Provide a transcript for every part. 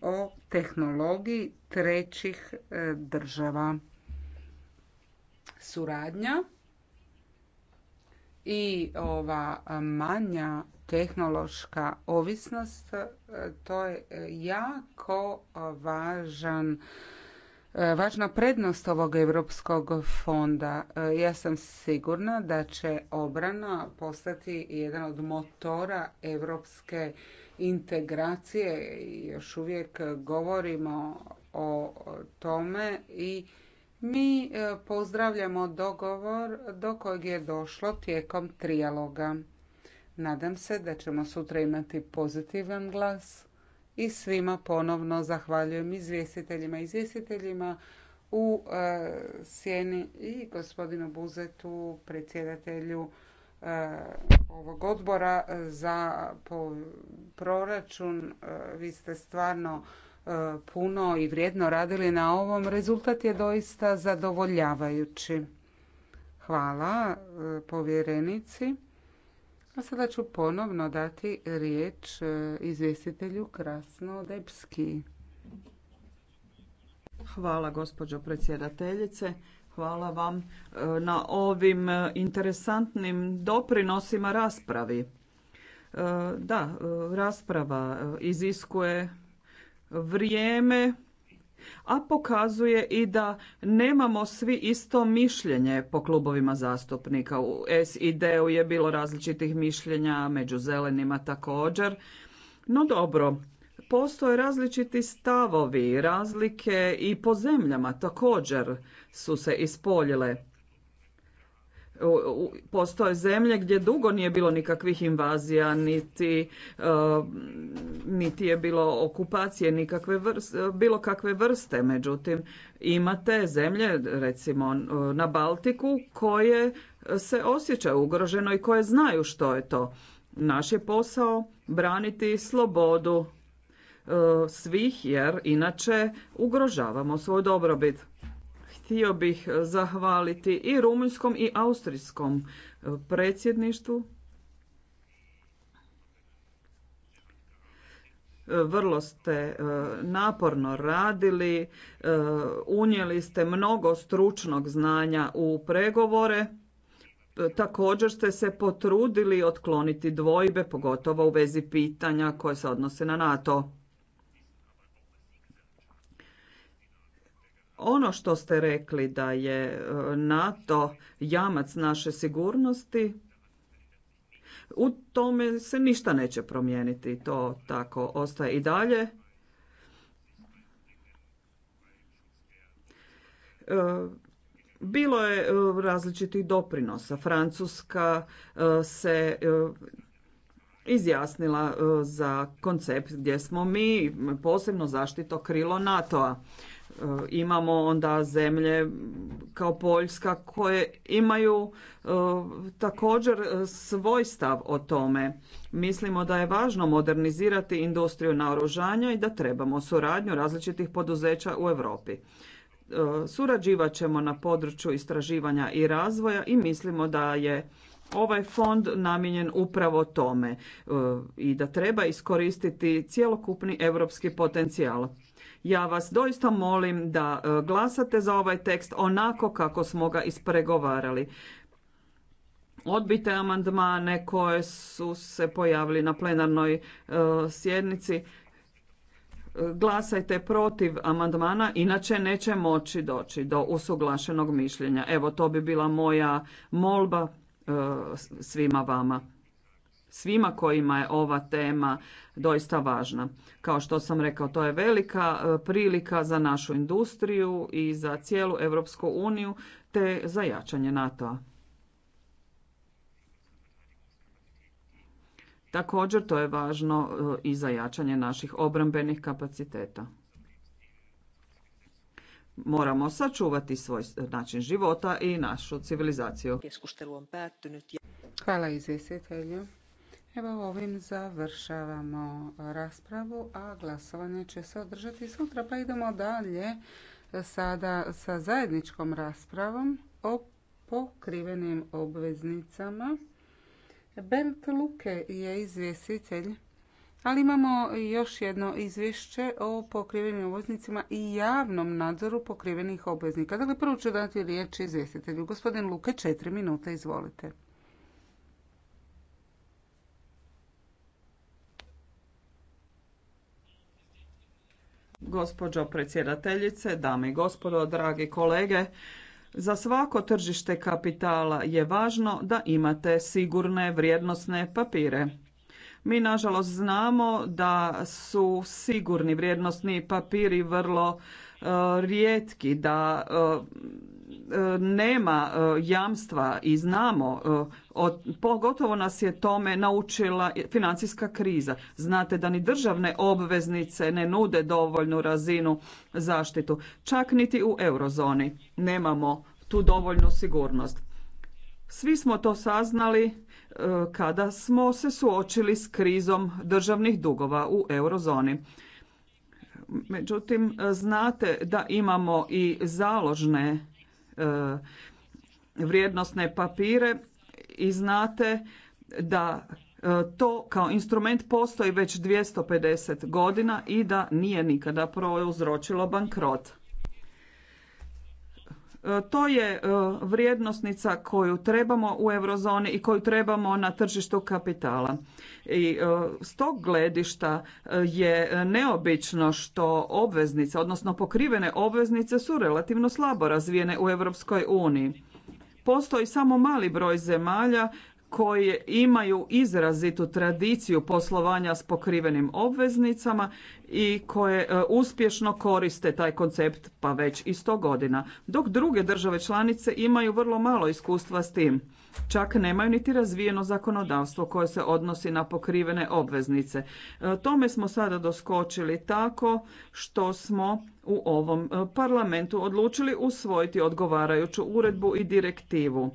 o tehnologiji trećih e, država. Suradnja i ova manja tehnološka ovisnost e, to je jako važan e, Važna prednost ovog Europskog fonda, ja sam sigurna da će obrana postati jedan od motora Europske integracije i još uvijek govorimo o tome i mi e, pozdravljamo dogovor do kojeg je došlo tijekom trijaloga. Nadam se da ćemo sutra imati pozitivan glas i svima ponovno zahvaljujem izvjestiteljima i izvjestiteljima u e, sjeni i gospodinu Buzetu, predsjedatelju E, ovog odbora e, za proračun. E, vi ste stvarno puno i vrijedno radili na ovom. Rezultat je doista zadovoljavajući. Hvala povjerenici. A sada ću ponovno dati riječ izvjestitelju Krasno Debski. Hvala gospođo predsjedateljice. Hvala vam e, na ovim e, interesantnim doprinosima raspravi. E, da, rasprava iziskuje vrijeme, a pokazuje i da nemamo svi isto mišljenje po klubovima zastupnika. U SID-u je bilo različitih mišljenja, među zelenima također. No dobro, postoje različiti stavovi, razlike i po zemljama također su se ispoljile. Postoje zemlje gdje dugo nije bilo nikakvih invazija, niti, e, niti je bilo okupacije, nikakve vrste, bilo kakve vrste. Međutim, imate zemlje, recimo na Baltiku, koje se osjećaju ugroženo i koje znaju što je to. Naš je posao braniti slobodu svih jer inače ugrožavamo svoj dobrobit. Htio bih zahvaliti i rumunjskom i austrijskom e, predsjedništvu. E, vrlo ste e, naporno radili, unijeli ste mnogo stručnog znanja u pregovore. Također ste se potrudili otkloniti dvojbe, pogotovo u vezi pitanja koje se odnose na NATO. ono što ste rekli da je e, NATO jamac naše sigurnosti, u tome se ništa neće promijeniti. To tako ostaje i dalje. E, bilo je e, različitih doprinosa. Francuska se izjasnila za koncept gdje smo mi posebno zaštito krilo NATO-a. E, imamo onda zemlje kao Poljska koje imaju e, također e, svoj stav o tome. Mislimo da je važno modernizirati industriju naoružanja i da trebamo suradnju različitih poduzeća u Europi. Surađivat ćemo na području istraživanja i razvoja i mislimo da je ovaj fond namijenjen upravo tome e, i da treba iskoristiti cjelokupni europski potencijal. Ja vas doista molim da e, glasate za ovaj tekst onako kako smo ga ispregovarali. Odbite amandmane koje su se pojavili na plenarnoj e, sjednici. Glasajte protiv amandmana, inače neće moći doći do usuglašenog mišljenja. Evo, to bi bila moja molba E, svima vama svima kojima je ova tema doista važna. Kao što sam rekao, to je velika e, prilika za našu industriju i za cijelu Europsku uniju te za jačanje NATO-a. Također to je važno e, i za jačanje naših obrambenih kapaciteta moramo sačuvati svoj način života i našu civilizaciju. Hvala izvjestitelju. Evo ovim završavamo raspravu, a glasovanje će se održati sutra. Pa idemo dalje sada sa zajedničkom raspravom o pokrivenim obveznicama. Bernd Luke je izvjestitelj ali imamo još jedno izvješće o pokrivenim obveznicima i javnom nadzoru pokrivenih obveznika. Dakle, prvo ću dati riječ izvjestitelju. Gospodin Luke, četiri minute, izvolite. Gospođo predsjedateljice, dame i gospodo, dragi kolege, za svako tržište kapitala je važno da imate sigurne vrijednosne papire. Mi nažalost znamo da su sigurni vrijednosni papiri vrlo e, rijetki, da e, e, nema jamstva i znamo, od, pogotovo nas je tome naučila financijska kriza. Znate da ni državne obveznice ne nude dovoljnu razinu zaštitu, čak niti u eurozoni nemamo tu dovoljnu sigurnost. Svi smo to saznali e, kada smo se suočili s krizom državnih dugova u eurozoni. Međutim, znate da imamo i založne e, vrijednostne papire i znate da e, to kao instrument postoji već 250 godina i da nije nikada prouzročilo bankrot. E, to je e, vrijednosnica koju trebamo u eurozoni i koju trebamo na tržištu kapitala. I e, s tog gledišta je neobično što obveznice, odnosno pokrivene obveznice su relativno slabo razvijene u Europskoj uniji. Postoji samo mali broj zemalja koje imaju izrazitu tradiciju poslovanja s pokrivenim obveznicama i koje e, uspješno koriste taj koncept pa već i sto godina, dok druge države članice imaju vrlo malo iskustva s tim. Čak nemaju niti razvijeno zakonodavstvo koje se odnosi na pokrivene obveznice. E, tome smo sada doskočili tako što smo u ovom e, parlamentu odlučili usvojiti odgovarajuću uredbu i direktivu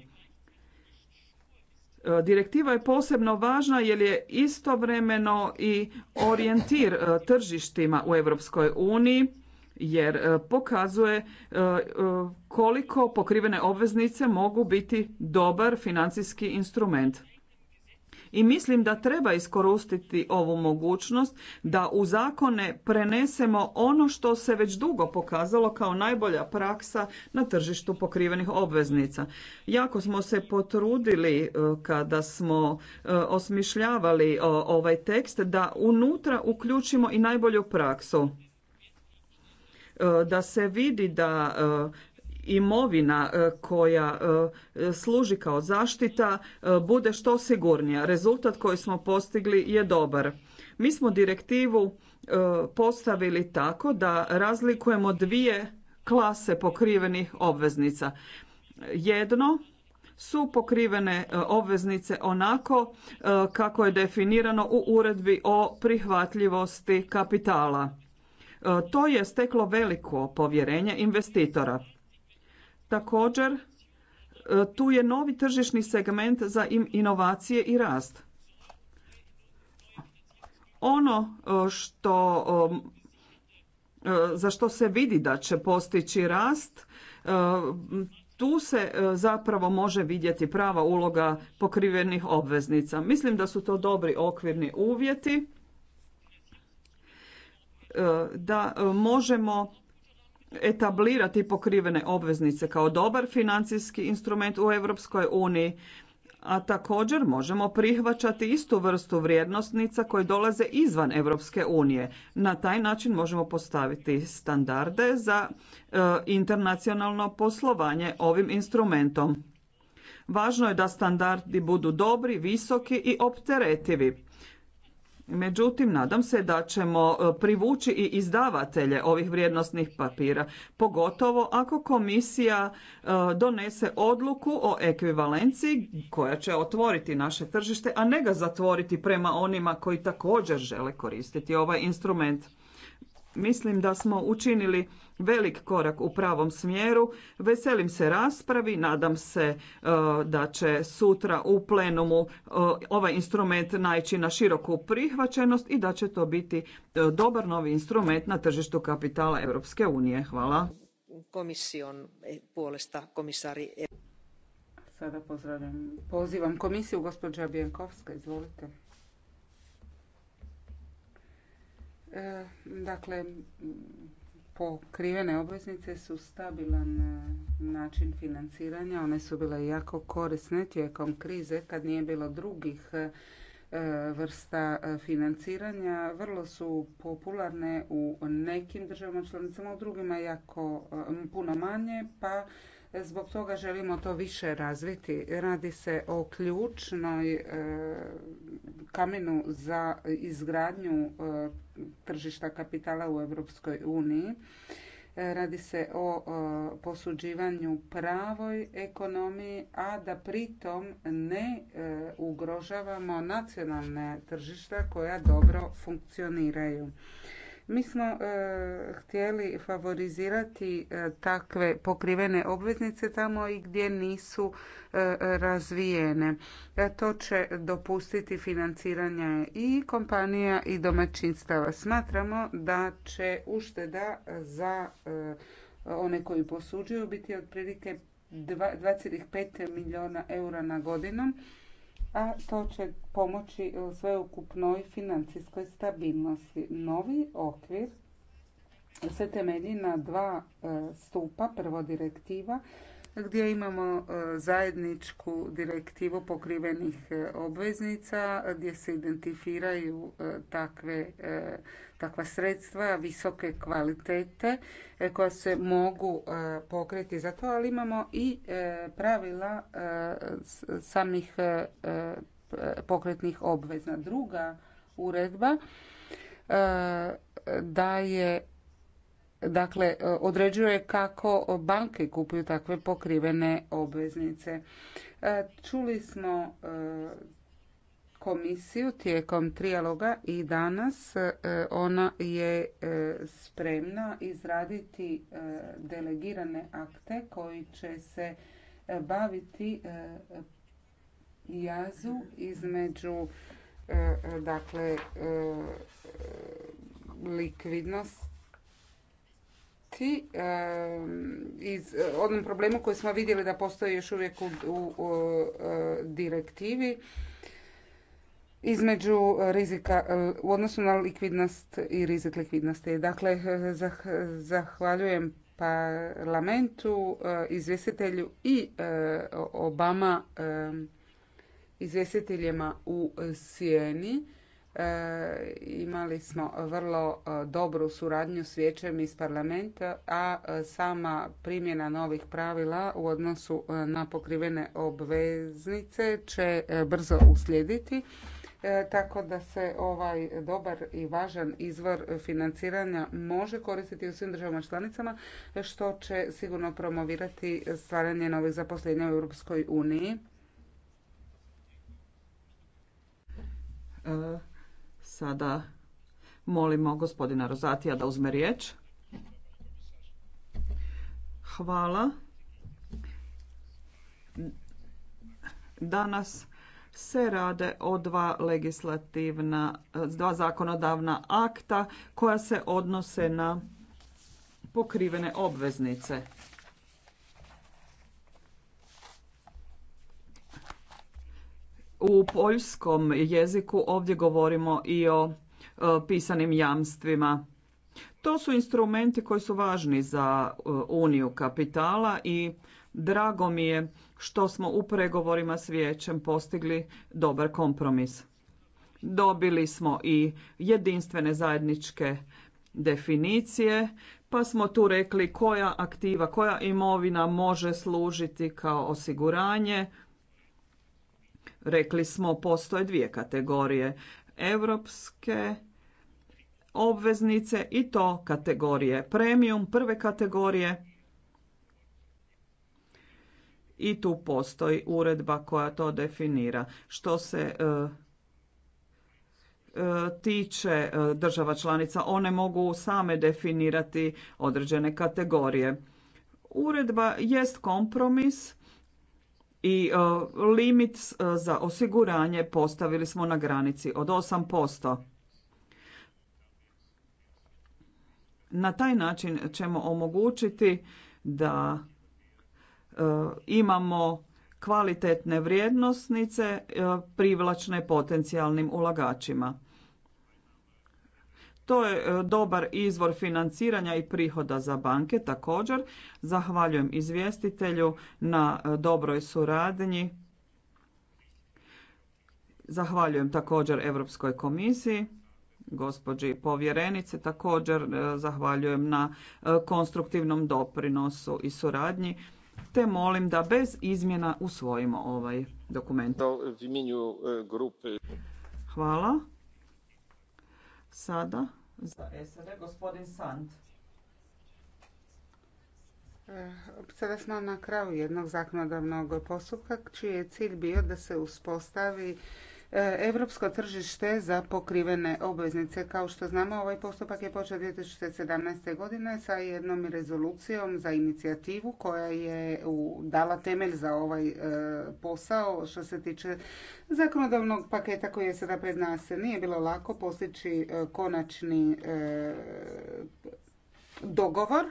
E, direktiva je posebno važna jer je istovremeno i orijentir e, tržištima u Europskoj uniji jer e, pokazuje koliko pokrivene obveznice mogu biti dobar financijski instrument. I mislim da treba iskoristiti ovu mogućnost da u zakone prenesemo ono što se već dugo pokazalo kao najbolja praksa na tržištu pokrivenih obveznica. Jako smo se potrudili e, kada smo e, osmišljavali e, ovaj tekst da unutra uključimo i najbolju praksu da se vidi da imovina e, koja e, služi kao zaštita e, bude što sigurnija. Rezultat koji smo postigli je dobar. Mi smo direktivu postavili tako da razlikujemo dvije klase pokrivenih obveznica. Jedno su pokrivene obveznice onako kako je definirano u uredbi o prihvatljivosti kapitala. To je steklo veliko povjerenje investitora. Također, e, tu je novi tržišni segment za inovacije i rast. Ono e, što, e, za što se vidi da će postići rast, tu se zapravo može vidjeti prava uloga pokrivenih obveznica. Mislim da su to dobri okvirni uvjeti da možemo etablirati pokrivene obveznice kao dobar financijski instrument u Europskoj uniji, a također možemo prihvaćati istu vrstu vrijednosnica koje dolaze izvan Europske unije. Na taj način možemo postaviti standarde za e, internacionalno poslovanje ovim instrumentom. Važno je da standardi budu dobri, visoki i opteretivi. Međutim, nadam se da ćemo e, privući i izdavatelje ovih vrijednostnih papira, pogotovo ako komisija e, donese odluku o ekvivalenciji koja će otvoriti naše tržište, a ne ga zatvoriti prema onima koji također žele koristiti ovaj instrument. Mislim da smo učinili velik korak u pravom smjeru. Veselim se raspravi, nadam se e, da će sutra u plenumu e, ovaj instrument naići na široku prihvaćenost i da će to biti e, dobar novi instrument na tržištu kapitala Europske unije. Hvala. Komision puolesta komisari. Sada Pozivam komisiju gospođa Bjenkovska, izvolite. E, dakle, pokrivene obveznice su stabilan e, način financiranja. One su bile jako korisne tijekom krize kad nije bilo drugih e, vrsta financiranja. Vrlo su popularne u nekim državama članicama, u drugima jako puno manje, pa Zbog toga želimo to više razviti. Radi se o ključnoj e, kamenu za izgradnju e, tržišta kapitala u Europskoj uniji. E, radi se o posuđivanju pravoj ekonomiji, a da pritom ne ugrožavamo nacionalne tržišta koja dobro funkcioniraju. Mi smo e, htjeli favorizirati e, takve pokrivene obveznice tamo i gdje nisu e, razvijene. To će dopustiti financiranje i kompanija i domaćinstava. Smatramo da će ušteda za one koji posuđuju biti otprilike 2,5 milijuna eura na godinom a to će pomoći e, sveukupnoj financijskoj stabilnosti. Novi okvir se temelji na dva e, stupa. Prvo direktiva gdje imamo e, zajedničku direktivu pokrivenih e, obveznica gdje se identifiraju e, takve, takva sredstva visoke kvalitete koja se mogu pokriti za to, ali imamo i pravila samih pokretnih obveza. Druga uredba daje dakle e, određuje kako banke kupuju takve pokrivene obveznice. E, čuli smo e, komisiju tijekom trijaloga i danas ona je spremna izraditi delegirane akte koji će se baviti jazu između dakle likvidnost ti, iz eh, onom problemu koji smo vidjeli da postoji još uvijek u, u eh, direktivi između rizika eh, u odnosu na likvidnost i rizik likvidnosti. Dakle, zahvaljujem parlamentu, izvjestitelju i Obama izvjestiteljima u Sijeni. E, imali smo vrlo e, dobru suradnju s vijećem iz parlamenta, a e, sama primjena novih pravila u odnosu na pokrivene obveznice će brzo uslijediti. Tako da se ovaj dobar i važan izvor financiranja može koristiti u svim državama članicama, što će sigurno promovirati stvaranje novih zaposlenja u Europskoj uniji. Sada molimo gospodina Rozatija da uzme riječ. Hvala. Danas se rade o dva legislativna, dva zakonodavna akta koja se odnose na pokrivene obveznice. U poljskom jeziku ovdje govorimo i o e, pisanim jamstvima. To su instrumenti koji su važni za e, uniju kapitala i drago mi je što smo u pregovorima s vijećem postigli dobar kompromis. Dobili smo i jedinstvene zajedničke definicije, pa smo tu rekli koja aktiva, koja imovina može služiti kao osiguranje, Rekli smo postoje dvije kategorije. Europske obveznice i to kategorije premium prve kategorije i tu postoji uredba koja to definira. Što se e, e, tiče e, država članica, one mogu same definirati određene kategorije. Uredba jest kompromis i e, limit e, za osiguranje postavili smo na granici od 8%. Na taj način ćemo omogućiti da e, imamo kvalitetne vrijednosnice privlačne potencijalnim ulagačima. To je e, dobar izvor financiranja i prihoda za banke također. Zahvaljujem izvjestitelju na e, dobroj suradnji. Zahvaljujem također Europskoj komisiji, gospođi povjerenice, također e, zahvaljujem na konstruktivnom doprinosu i suradnji, te molim da bez izmjena usvojimo ovaj dokument. Hvala. Sada za e, SAD gospodin Sand. E, sada smo na kraju jednog zakonodavnog postupka čiji je cilj bio da se uspostavi europsko tržište za pokrivene obveznice. Kao što znamo, ovaj postupak je počeo 2017. godine sa jednom rezolucijom za inicijativu koja je dala temelj za ovaj e, posao što se tiče zakonodavnog paketa koji je sada pred nas. Nije bilo lako postići e, konačni e, dogovor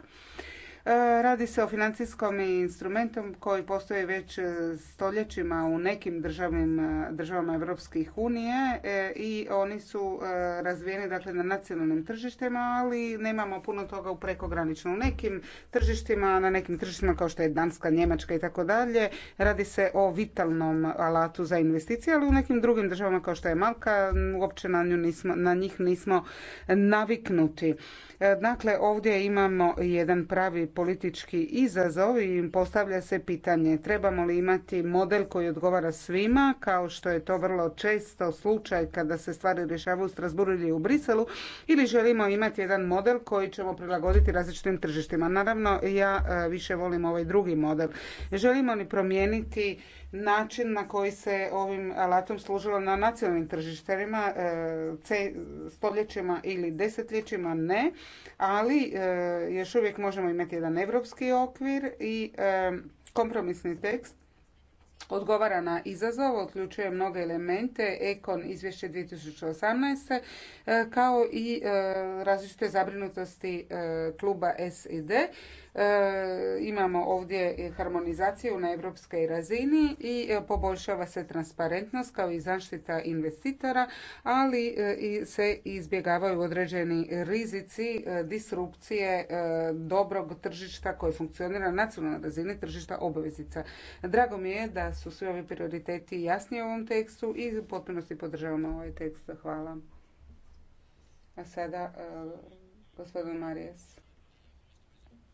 E, radi se o financijskom instrumentom koji postoji već e, stoljećima u nekim e, državama Evropskih unije i oni su razvijeni dakle, na nacionalnim tržištima, ali nemamo puno toga u prekograničnom. U nekim tržištima, na nekim tržištima kao što je Danska, Njemačka i tako dalje, radi se o vitalnom alatu za investicije, ali u nekim drugim državama kao što je Malka, uopće na, nju nismo, na njih nismo naviknuti. Dakle, ovdje imamo jedan pravi politički izazov i postavlja se pitanje trebamo li imati model koji odgovara svima, kao što je to vrlo često slučaj kada se stvari rješavaju u Strasburu ili u Briselu, ili želimo imati jedan model koji ćemo prilagoditi različitim tržištima. Naravno, ja e, više volim ovaj drugi model. Želimo li promijeniti način na koji se ovim alatom služilo na nacionalnim tržišterima e, stoljećima ili desetljećima ne, ali e, još uvijek možemo imati jedan europski okvir i e, kompromisni tekst odgovara na izazov, uključuje mnoge elemente, Ekon izvješće 2018. kao i različite zabrinutosti kluba SID E, imamo ovdje harmonizaciju na europskoj razini i e, poboljšava se transparentnost kao i zaštita investitora, ali e, se izbjegavaju određeni rizici disrupcije dobrog tržišta koje funkcionira na nacionalnoj razini tržišta obveznica. Drago mi je da su svi ovi prioriteti jasni u ovom tekstu i u potpunosti podržavamo ovaj tekst. Hvala. A sada gospodin Marijas.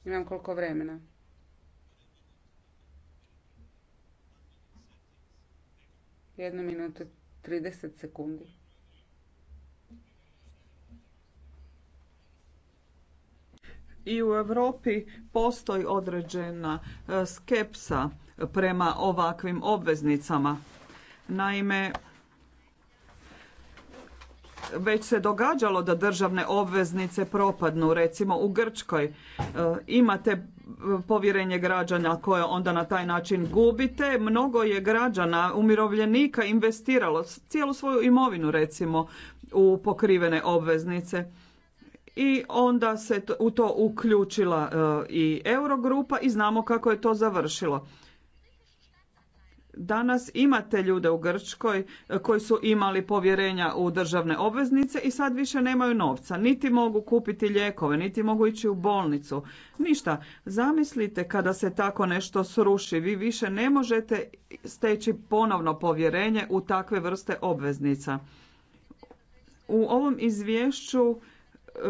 Imam koliko vremena. Jednu minutu 30 sekundi. I u Europi postoji određena e, skepsa prema ovakvim obveznicama. Naime, već se događalo da državne obveznice propadnu, recimo u Grčkoj. E, imate e, povjerenje građana koje onda na taj način gubite. Mnogo je građana, umirovljenika investiralo cijelu svoju imovinu recimo u pokrivene obveznice. I onda se u to uključila e, i Eurogrupa i znamo kako je to završilo. Danas imate ljude u Grčkoj e, koji su imali povjerenja u državne obveznice i sad više nemaju novca. Niti mogu kupiti lijekove, niti mogu ići u bolnicu. Ništa. Zamislite kada se tako nešto sruši. Vi više ne možete steći ponovno povjerenje u takve vrste obveznica. U ovom izvješću e,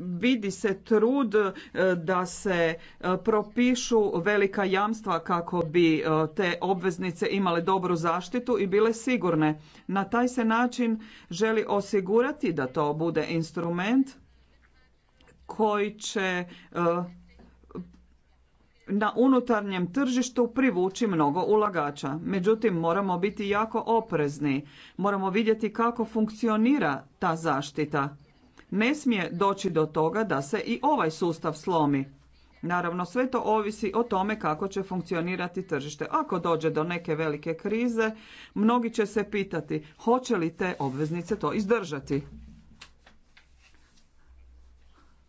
vidi se trud e, da se e, propišu velika jamstva kako bi e, te obveznice imale dobru zaštitu i bile sigurne. Na taj se način želi osigurati da to bude instrument koji će na unutarnjem tržištu privući mnogo ulagača. Međutim, moramo biti jako oprezni. Moramo vidjeti kako funkcionira ta zaštita ne smije doći do toga da se i ovaj sustav slomi. Naravno, sve to ovisi o tome kako će funkcionirati tržište. Ako dođe do neke velike krize, mnogi će se pitati hoće li te obveznice to izdržati.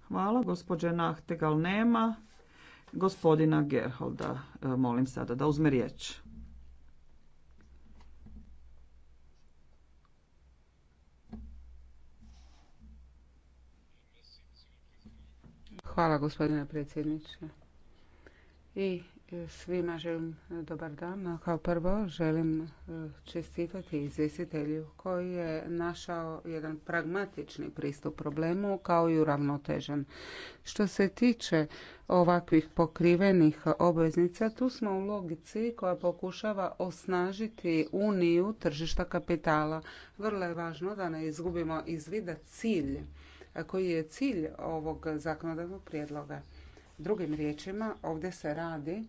Hvala, gospođe Nahtegal nema. Gospodina Gerholda e, molim sada da uzme riječ. Hvala gospodine predsjedniče. I e, svima želim e, dobar dan. Kao prvo želim e, čestitati izvjestitelju koji je našao jedan pragmatični pristup problemu kao i uravnotežen. Što se tiče ovakvih pokrivenih obveznica, tu smo u logici koja pokušava osnažiti uniju tržišta kapitala. Vrlo je važno da ne izgubimo izvida cilj koji je cilj ovog zakonodavnog prijedloga. Drugim riječima, ovdje se radi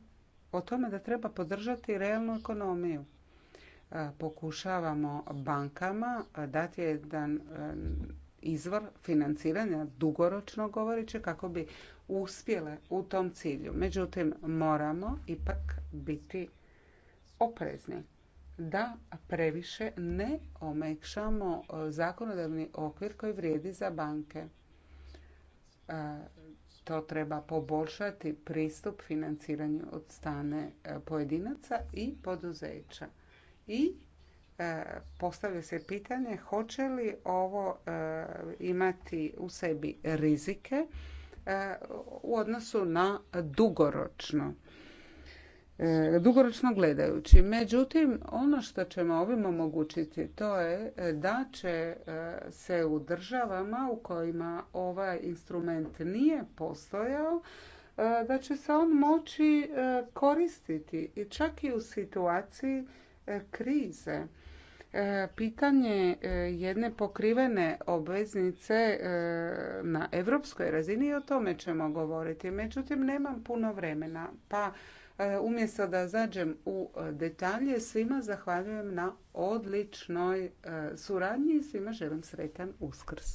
o tome da treba podržati realnu ekonomiju. E, pokušavamo bankama dati jedan e, izvor financiranja dugoročno govoreći kako bi uspjele u tom cilju. Međutim, moramo ipak biti oprezni da previše ne omekšamo e, zakonodavni okvir koji vrijedi za banke. E, to treba poboljšati pristup financiranju od strane e, pojedinaca i poduzeća. I postavlja se pitanje hoće li ovo imati u sebi rizike u odnosu na dugoročno E, dugoročno gledajući. Međutim, ono što ćemo ovim omogućiti to je e, da će e, se u državama u kojima ovaj instrument nije postojao, da će se on moći koristiti i čak i u situaciji krize. Pitanje jedne pokrivene obveznice na europskoj razini i o tome ćemo govoriti. Međutim, nemam puno vremena, pa E, umjesto da zađem u e, detalje, svima zahvaljujem na odličnoj e, suradnji i svima želim sretan uskrs.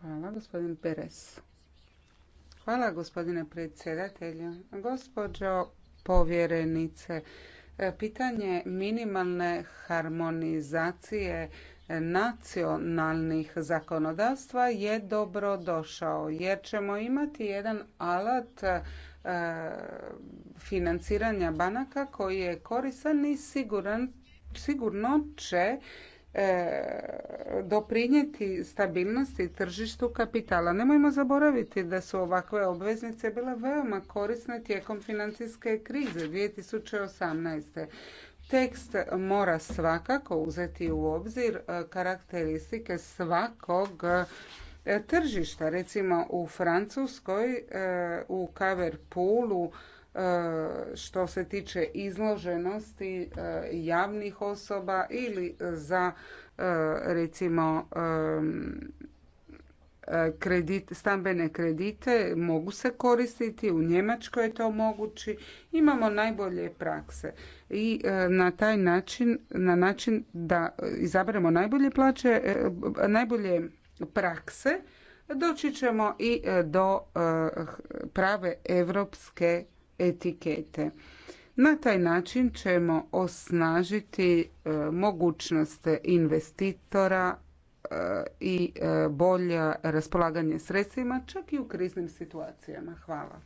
Hvala, gospodin Peres. Hvala, gospodine predsjedatelju. Gospođo povjerenice, pitanje minimalne harmonizacije nacionalnih zakonodavstva je dobro došao jer ćemo imati jedan alat e, financiranja banaka koji je koristan i siguran, sigurno će e, doprinijeti stabilnosti tržištu kapitala. Nemojmo zaboraviti da su ovakve obveznice bile veoma korisne tijekom financijske krize 2018. Tekst mora svakako uzeti u obzir e, karakteristike svakog e, tržišta. Recimo u Francuskoj, e, u pulu što se tiče izloženosti javnih osoba ili za recimo kredit, stambene kredite mogu se koristiti, u Njemačkoj je to mogući, imamo najbolje prakse i e, na taj način, na način da izaberemo najbolje plaće, e, najbolje prakse, doći ćemo i e, do prave europske etikete. Na taj način ćemo osnažiti mogućnost investitora i bolje raspolaganje sredstvima, čak i u kriznim situacijama. Hvala.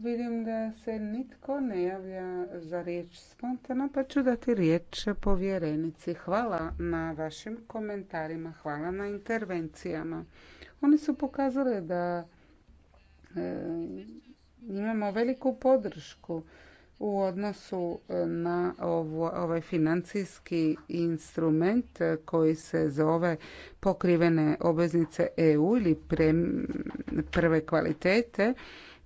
Vidim da se nitko ne javlja za riječ spontano, pa ću dati riječ povjerenici. Hvala na vašim komentarima, hvala na intervencijama. Oni su pokazali da e, imamo veliku podršku u odnosu e, na ovaj financijski instrument e, koji se zove pokrivene obveznice EU ili prve kvalitete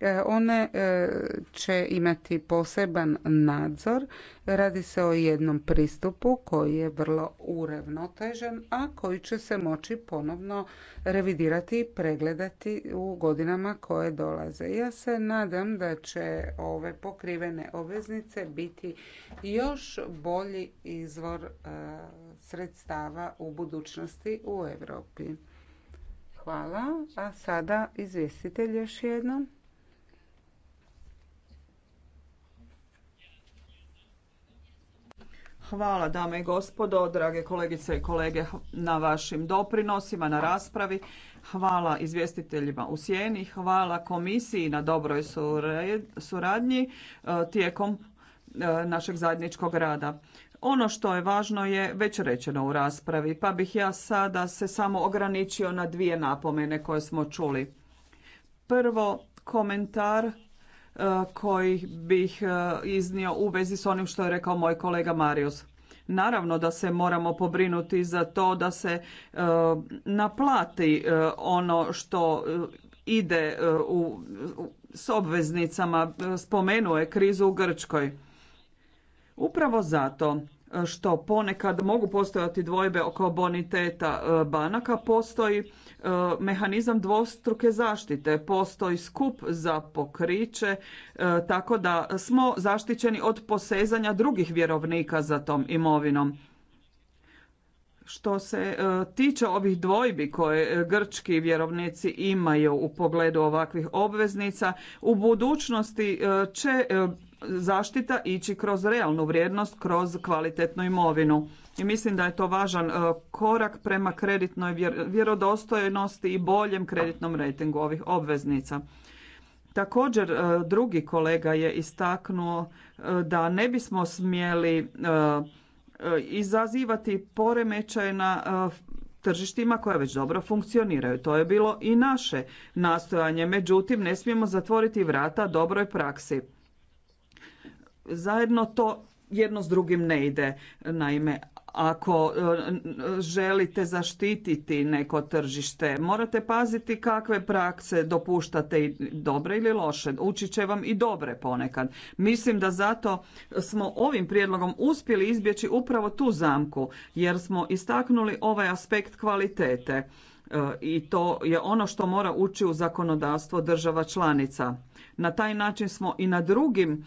E, one e, će imati poseban nadzor. Radi se o jednom pristupu koji je vrlo uravnotežen, a koji će se moći ponovno revidirati i pregledati u godinama koje dolaze. Ja se nadam da će ove pokrivene obveznice biti još bolji izvor e, sredstava u budućnosti u Europi. Hvala. A sada izvjestitelj još jednom. Hvala dame i gospodo, drage kolegice i kolege na vašim doprinosima, na raspravi. Hvala izvjestiteljima u sjeni, hvala komisiji na dobroj suradnji e, tijekom e, našeg zajedničkog rada. Ono što je važno je već rečeno u raspravi, pa bih ja sada se samo ograničio na dvije napomene koje smo čuli. Prvo, komentar Eh, koji bih eh, iznio u vezi s onim što je rekao moj kolega Marius. Naravno da se moramo pobrinuti za to da se eh, naplati ono što ide u, s obveznicama. Spomenuo je krizu u Grčkoj. Upravo zato što ponekad mogu postojati dvojbe oko boniteta banaka, postoji E, mehanizam dvostruke zaštite. Postoji skup za pokriće e, tako da smo zaštićeni od posezanja drugih vjerovnika za tom imovinom. Što se e, tiče ovih dvojbi koje grčki vjerovnici imaju u pogledu ovakvih obveznica, u budućnosti će zaštita ići kroz realnu vrijednost, kroz kvalitetnu imovinu. I mislim da je to važan e, korak prema kreditnoj vjerodostojnosti i boljem kreditnom rejtingu ovih obveznica. Također e, drugi kolega je istaknuo e, da ne bismo smjeli izazivati poremećaj na tržištima koja već dobro funkcioniraju. To je bilo i naše nastojanje, međutim ne smijemo zatvoriti vrata dobroj praksi. Zajedno to jedno s drugim ne ide. Naime, ako e, želite zaštititi neko tržište, morate paziti kakve prakse dopuštate i dobre ili loše. Učit će vam i dobre ponekad. Mislim da zato smo ovim prijedlogom uspjeli izbjeći upravo tu zamku, jer smo istaknuli ovaj aspekt kvalitete e, i to je ono što mora ući u zakonodavstvo država članica. Na taj način smo i na, drugim,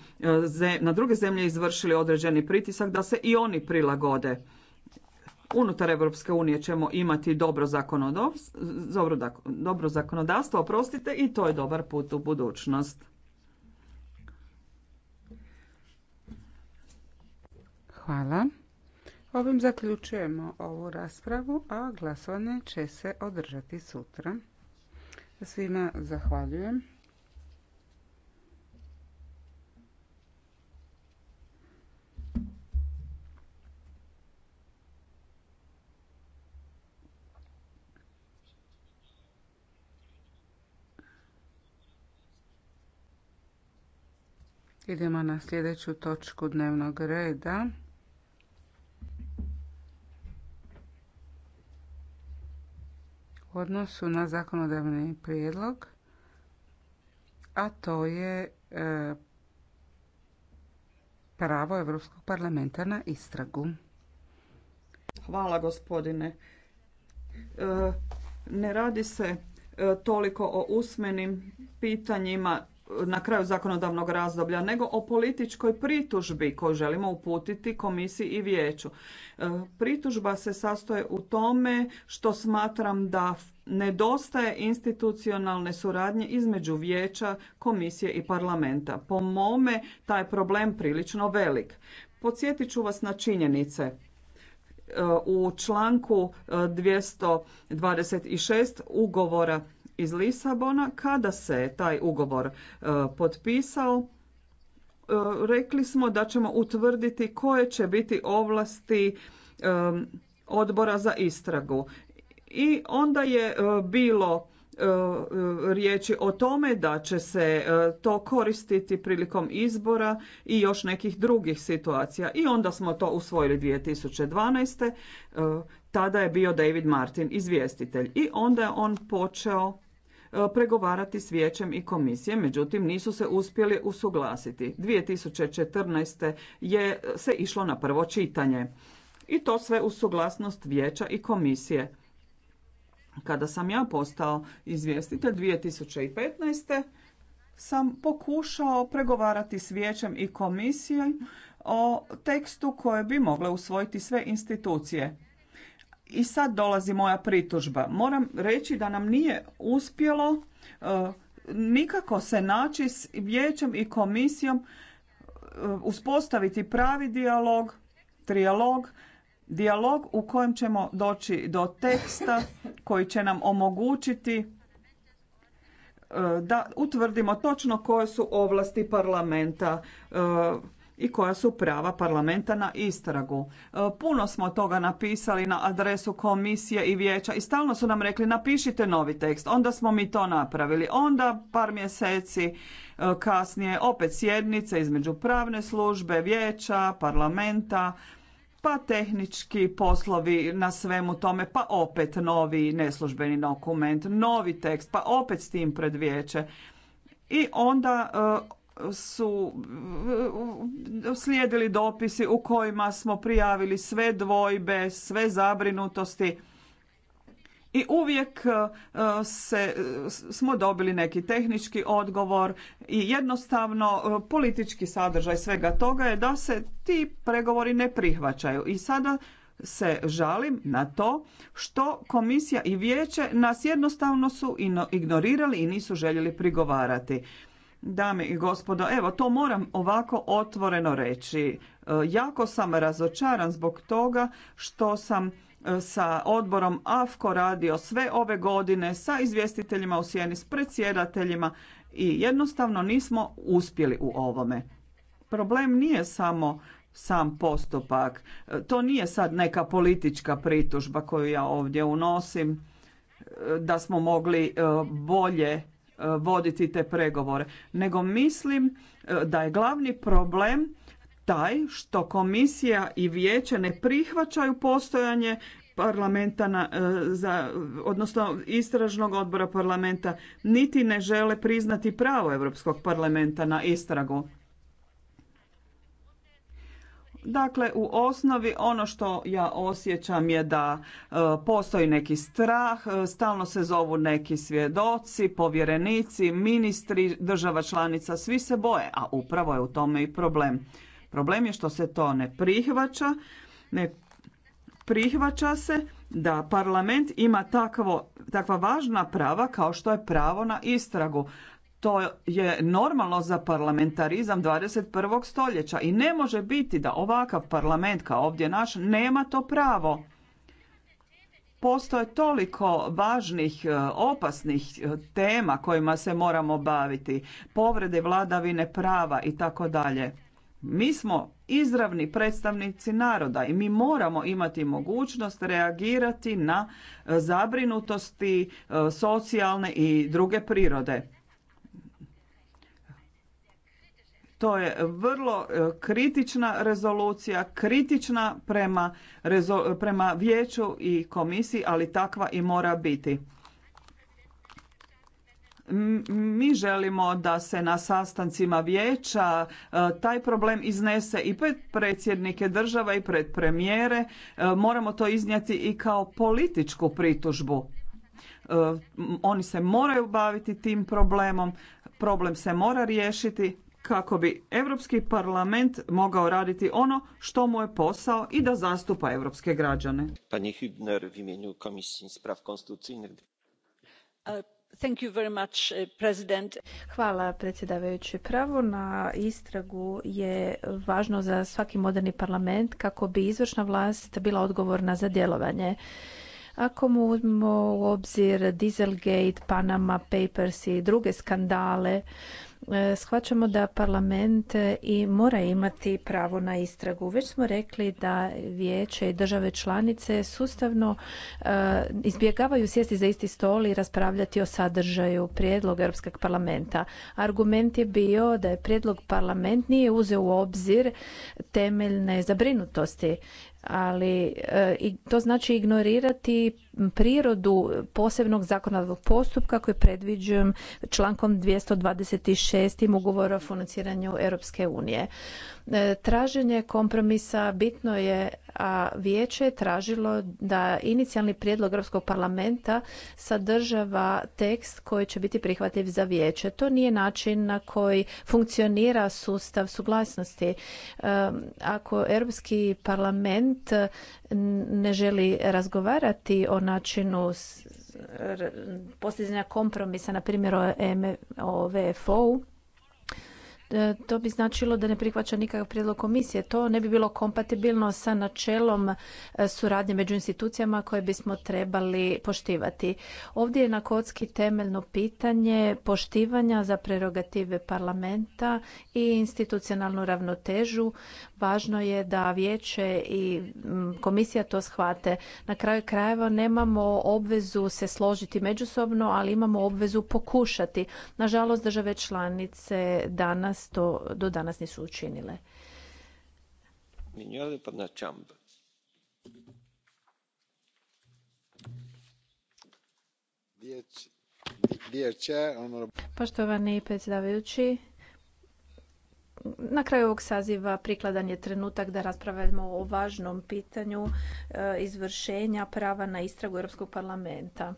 e, na druge zemlje izvršili određeni pritisak da se i oni prilagode unutar Europske unije ćemo imati dobro zakonodavstvo, dobro, dobro zakonodavstvo, oprostite, i to je dobar put u budućnost. Hvala. Ovim zaključujemo ovu raspravu, a glasovanje će se održati sutra. Svima zahvaljujem. Idemo na sljedeću točku dnevnog reda. U odnosu na zakonodavni prijedlog, a to je e, pravo Europskog parlamenta na istragu. Hvala gospodine. E, ne radi se e, toliko o usmenim pitanjima na kraju zakonodavnog razdoblja, nego o političkoj pritužbi koju želimo uputiti komisiji i vijeću. E, pritužba se sastoje u tome što smatram da nedostaje institucionalne suradnje između vijeća, komisije i parlamenta. Po mome taj problem prilično velik. Podsjetit ću vas na činjenice e, u članku 226 e, ugovora iz Lisabona, kada se taj ugovor e, potpisao, e, rekli smo da ćemo utvrditi koje će biti ovlasti e, odbora za istragu. I onda je bilo riječi o tome da će se to koristiti prilikom izbora i još nekih drugih situacija. I onda smo to usvojili 2012. Tada je bio David Martin izvjestitelj i onda je on počeo E, pregovarati s vijećem i komisije, međutim nisu se uspjeli usuglasiti. 2014. je se išlo na prvo čitanje i to sve uz suglasnost vijeća i komisije. Kada sam ja postao izvjestitelj 2015. sam pokušao pregovarati s vijećem i komisijom o tekstu koje bi mogle usvojiti sve institucije. I sad dolazi moja pritužba. Moram reći da nam nije uspjelo e, nikako se naći s vijećem i komisijom e, uspostaviti pravi dijalog, trijalog, dijalog u kojem ćemo doći do teksta koji će nam omogućiti e, da utvrdimo točno koje su ovlasti parlamenta i koja su prava parlamenta na istragu. E, puno smo toga napisali na adresu komisije i vijeća i stalno su nam rekli napišite novi tekst. Onda smo mi to napravili. Onda par mjeseci e, kasnije opet sjednice između pravne službe, vijeća, parlamenta, pa tehnički poslovi na svemu tome, pa opet novi neslužbeni dokument, novi tekst, pa opet s tim pred I onda e, su slijedili dopisi u kojima smo prijavili sve dvojbe, sve zabrinutosti i uvijek e, se, e, smo dobili neki tehnički odgovor i jednostavno e, politički sadržaj svega toga je da se ti pregovori ne prihvaćaju. I sada se žalim na to što komisija i vijeće nas jednostavno su ignorirali i nisu željeli prigovarati. Dame i gospodo, evo to moram ovako otvoreno reći. E, jako sam razočaran zbog toga što sam e, sa odborom AFKO radio sve ove godine, sa izvjestiteljima u sjeni, s predsjedateljima i jednostavno nismo uspjeli u ovome. Problem nije samo sam postupak. E, to nije sad neka politička pritužba koju ja ovdje unosim da smo mogli bolje E, voditi te pregovore, nego mislim e, da je glavni problem taj što komisija i vijeće ne prihvaćaju postojanje parlamenta e, za, odnosno istražnog odbora parlamenta niti ne žele priznati pravo Europskog parlamenta na istragu. Dakle, u osnovi ono što ja osjećam je da e, postoji neki strah, e, stalno se zovu neki svjedoci, povjerenici, ministri, država članica, svi se boje, a upravo je u tome i problem. Problem je što se to ne prihvaća, ne prihvaća se da parlament ima takvo, takva važna prava kao što je pravo na istragu to je normalno za parlamentarizam 21. stoljeća i ne može biti da ovakav parlament kao ovdje naš nema to pravo. Postoje toliko važnih, e, opasnih e, tema kojima se moramo baviti, povrede vladavine prava i tako dalje. Mi smo izravni predstavnici naroda i mi moramo imati mogućnost reagirati na e, zabrinutosti socijalne i druge prirode To je vrlo e, kritična rezolucija, kritična prema, prema vijeću i komisiji, ali takva i mora biti. Mi želimo da se na sastancima vijeća e, taj problem iznese i pred predsjednike država i pred premijere. E, moramo to iznijeti i kao političku pritužbu. Oni se moraju baviti tim problemom, problem se mora riješiti kako bi Europski parlament mogao raditi ono što mu je posao i da zastupa europske građane. Pani Hübner w imieniu Komisji Spraw uh, Thank you very much, uh, President. Hvala predsjedavajući. Pravo na istragu je važno za svaki moderni parlament kako bi izvršna vlast bila odgovorna za djelovanje. Ako mu uzmemo u obzir Dieselgate, Panama Papers i druge skandale, E, shvaćamo da parlament i mora imati pravo na istragu. Već smo rekli da vijeće i države članice sustavno e, izbjegavaju sjesti za isti stol i raspravljati o sadržaju prijedloga Europskog parlamenta. Argument je bio da je prijedlog parlament nije uzeo u obzir temeljne zabrinutosti ali e, i to znači ignorirati prirodu posebnog zakonodavnog postupka koji predviđujem člankom 226. ugovora o financiranju Europske unije. E, traženje kompromisa bitno je, a vijeće je tražilo da inicijalni prijedlog Europskog parlamenta sadržava tekst koji će biti prihvatljiv za vijeće. To nije način na koji funkcionira sustav suglasnosti. E, ako Europski parlament ne želi razgovarati o načinu postizanja kompromisa, na primjer o VFO-u, e, to bi značilo da ne prihvaća nikakav prijedlog komisije. To ne bi bilo kompatibilno sa načelom e, suradnje među institucijama koje bismo trebali poštivati. Ovdje je na kocki temeljno pitanje poštivanja za prerogative parlamenta i institucionalnu ravnotežu Važno je da vijeće i mm, komisija to shvate. Na kraju krajeva nemamo obvezu se složiti međusobno, ali imamo obvezu pokušati. Nažalost, države članice danas to do danas nisu učinile. Ono- Poštovani predsjedavajući, na kraju ovog saziva prikladan je trenutak da raspravljamo o važnom pitanju e, izvršenja prava na istragu Europskog parlamenta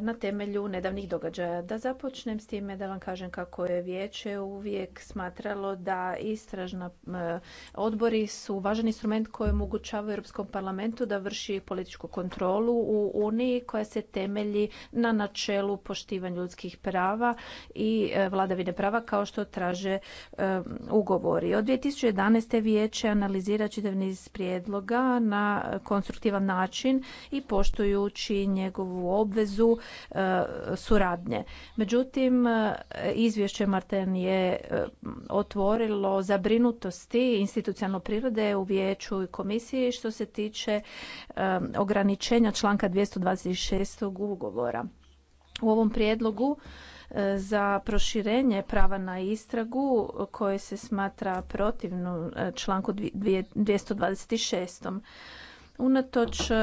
na temelju nedavnih događaja. Da započnem s time da vam kažem kako je vijeće uvijek smatralo da istražna eh, odbori su važan instrument koji omogućava Europskom parlamentu da vrši političku kontrolu u Uniji koja se temelji na načelu poštivanja ljudskih prava i eh, vladavine prava kao što traže eh, ugovori. Od 2011. vijeće analizira čitav niz prijedloga na konstruktivan način i poštujući njegovu obvezu E, suradnje. Međutim, e, izvješće Marten je e, otvorilo zabrinutosti institucionalno prirode u vijeću i komisiji što se tiče ograničenja članka 226. ugovora. U ovom prijedlogu za proširenje prava na istragu koje se smatra protivno članku 226. Unatoč e,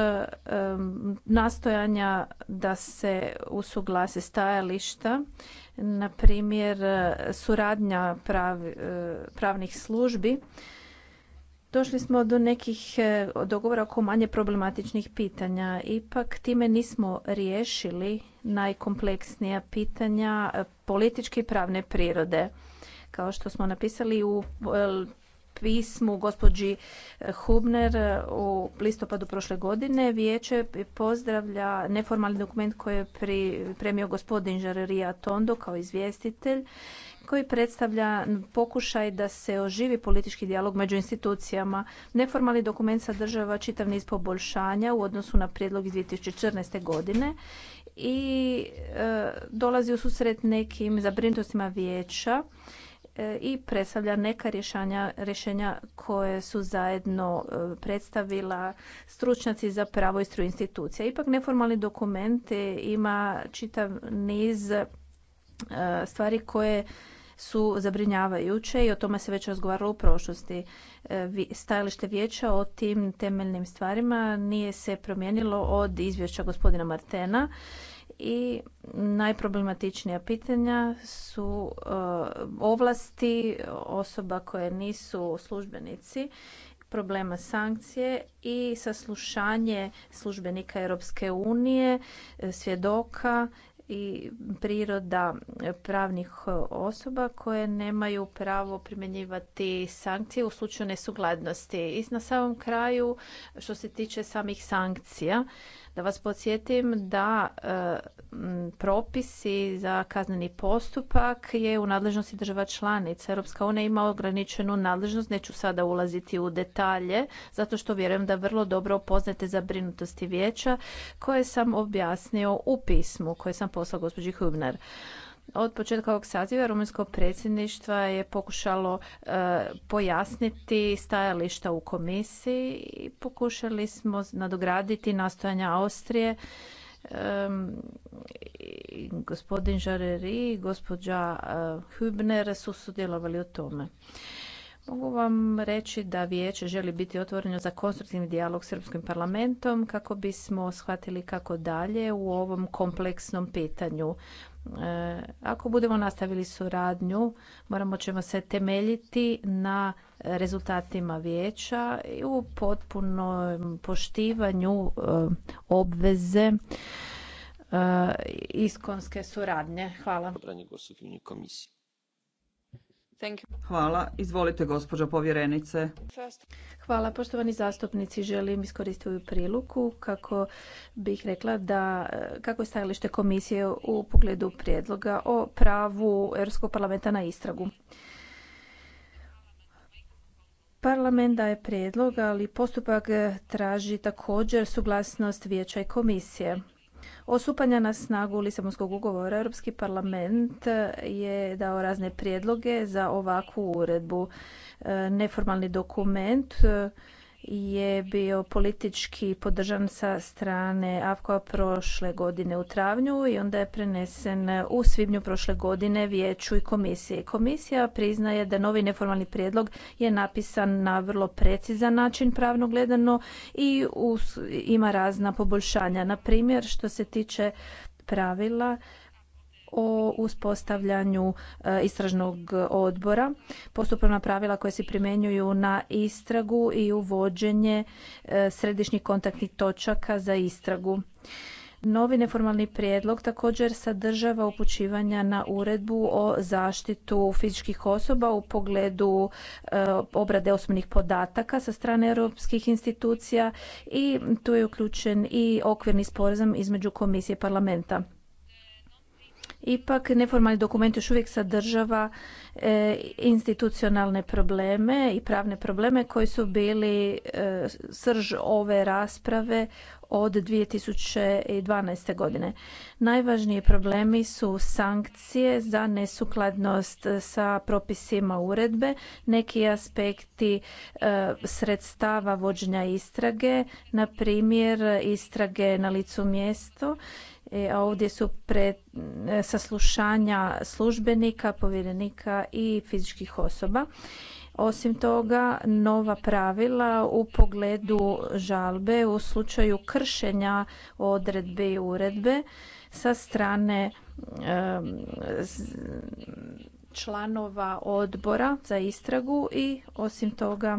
nastojanja da se usuglase stajališta, na primjer e, suradnja e, pravnih službi, došli smo do nekih dogovora oko manje problematičnih pitanja. Ipak time nismo riješili najkompleksnija pitanja politički pravne prirode. Kao što smo napisali u pismu gospođi eh, Hubner eh, u listopadu prošle godine vijeće pozdravlja neformalni dokument koji je pripremio gospodin Žarerija Tondo kao izvjestitelj koji predstavlja pokušaj da se oživi politički dijalog među institucijama. Neformalni dokument sadržava čitav niz poboljšanja u odnosu na prijedlog iz 2014. godine i eh, dolazi u susret nekim zabrinutostima vijeća E, i predstavlja neka rješenja, rješenja koje su zajedno e, predstavila stručnjaci za pravo istru institucija. Ipak neformalni dokument ima čitav niz e, stvari koje su zabrinjavajuće i o tome se već razgovaralo u prošlosti. Stajalište vijeća o tim temeljnim stvarima nije se promijenilo od izvješća gospodina Martena i najproblematičnija pitanja su e, ovlasti osoba koje nisu službenici problema sankcije i saslušanje službenika Europske unije, e, svjedoka i priroda pravnih osoba koje nemaju pravo primjenjivati sankcije u slučaju nesugladnosti. I na samom kraju što se tiče samih sankcija, da vas podsjetim da e, propisi za kazneni postupak je u nadležnosti država članica. Europska unija ima ograničenu nadležnost, neću sada ulaziti u detalje, zato što vjerujem da vrlo dobro poznate zabrinutosti vijeća koje sam objasnio u pismu koje sam poslao gospođi Hubner od početka ovog saziva rumunjsko predsjedništvo je pokušalo e, pojasniti stajališta u komisiji i pokušali smo nadograditi nastojanja Austrije. gospodin Žareri i gospođa e, Hübner su sudjelovali u tome. Mogu vam reći da vijeće želi biti otvoreno za konstruktivni dijalog s Srpskim parlamentom kako bismo shvatili kako dalje u ovom kompleksnom pitanju. E, ako budemo nastavili suradnju, moramo ćemo se temeljiti na rezultatima vijeća i u potpunom poštivanju e, obveze e, iskonske suradnje. Hvala. Hvala. Izvolite, gospođo povjerenice. Hvala, poštovani zastupnici. Želim iskoristiti ovu priliku kako bih rekla da kako je stajalište komisije u pogledu prijedloga o pravu Europskog parlamenta na istragu. Parlament daje prijedlog, ali postupak traži također suglasnost vijeća i komisije. Od na snagu Lisabonskog ugovora Europski parlament e, je dao razne prijedloge za ovakvu uredbu. E, neformalni dokument e, je bio politički podržan sa strane AFKO prošle godine u travnju i onda je prenesen u svibnju prošle godine vijeću i komisiji. Komisija priznaje da novi neformalni prijedlog je napisan na vrlo precizan način pravno gledano i ima razna poboljšanja. Na primjer, što se tiče pravila o uspostavljanju e, istražnog odbora, postupovna pravila koje se primenjuju na istragu i uvođenje e, središnjih kontaktnih točaka za istragu. Novi neformalni prijedlog također sadržava upućivanja na uredbu o zaštitu fizičkih osoba u pogledu e, obrade osobnih podataka sa strane europskih institucija i tu je uključen i okvirni sporazum između komisije parlamenta. Ipak, neformalni dokument još uvijek sadržava e, institucionalne probleme i pravne probleme koji su bili e, srž ove rasprave od 2012. godine. Najvažniji problemi su sankcije za nesukladnost sa propisima uredbe, neki aspekti e, sredstava vođenja istrage, na primjer istrage na licu mjesto E, a ovdje su pre, e, saslušanja službenika, povjerenika i fizičkih osoba. Osim toga, nova pravila u pogledu žalbe u slučaju kršenja odredbe i uredbe sa strane članova odbora za istragu i osim toga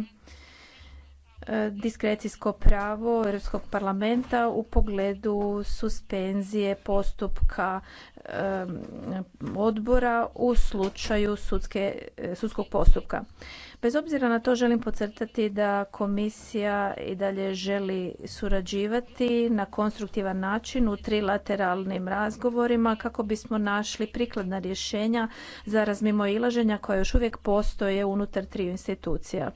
E, diskrecijsko pravo Europskog parlamenta u pogledu suspenzije postupka e, odbora u slučaju sudske, e, sudskog postupka. Bez obzira na to želim podcrtati da komisija i dalje želi surađivati na konstruktivan način u trilateralnim razgovorima kako bismo našli prikladna rješenja za razmimoilaženja koja još uvijek postoje unutar triju institucija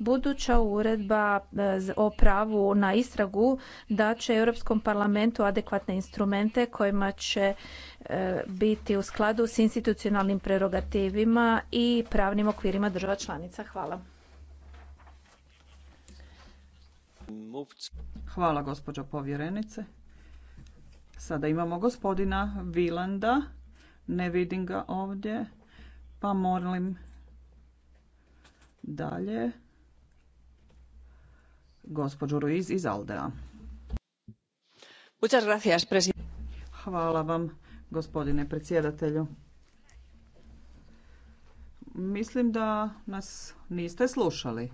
buduća uredba e, o pravu na istragu da će Europskom parlamentu adekvatne instrumente kojima će e, biti u skladu s institucionalnim prerogativima i pravnim okvirima država članica. Hvala. Hvala gospođo povjerenice. Sada imamo gospodina Vilanda. Ne vidim ga ovdje. Pa molim dalje gospođu Hvala vam, gospodine predsjedatelju. Mislim da nas niste slušali.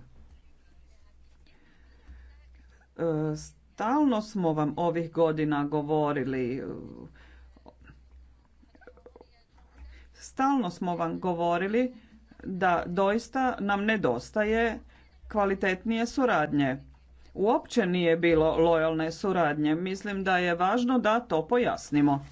E, stalno smo vam ovih godina govorili stalno smo vam govorili da doista nam nedostaje kvalitetnije suradnje uopće nije bilo lojalne suradnje. Mislim da je važno da to pojasnimo.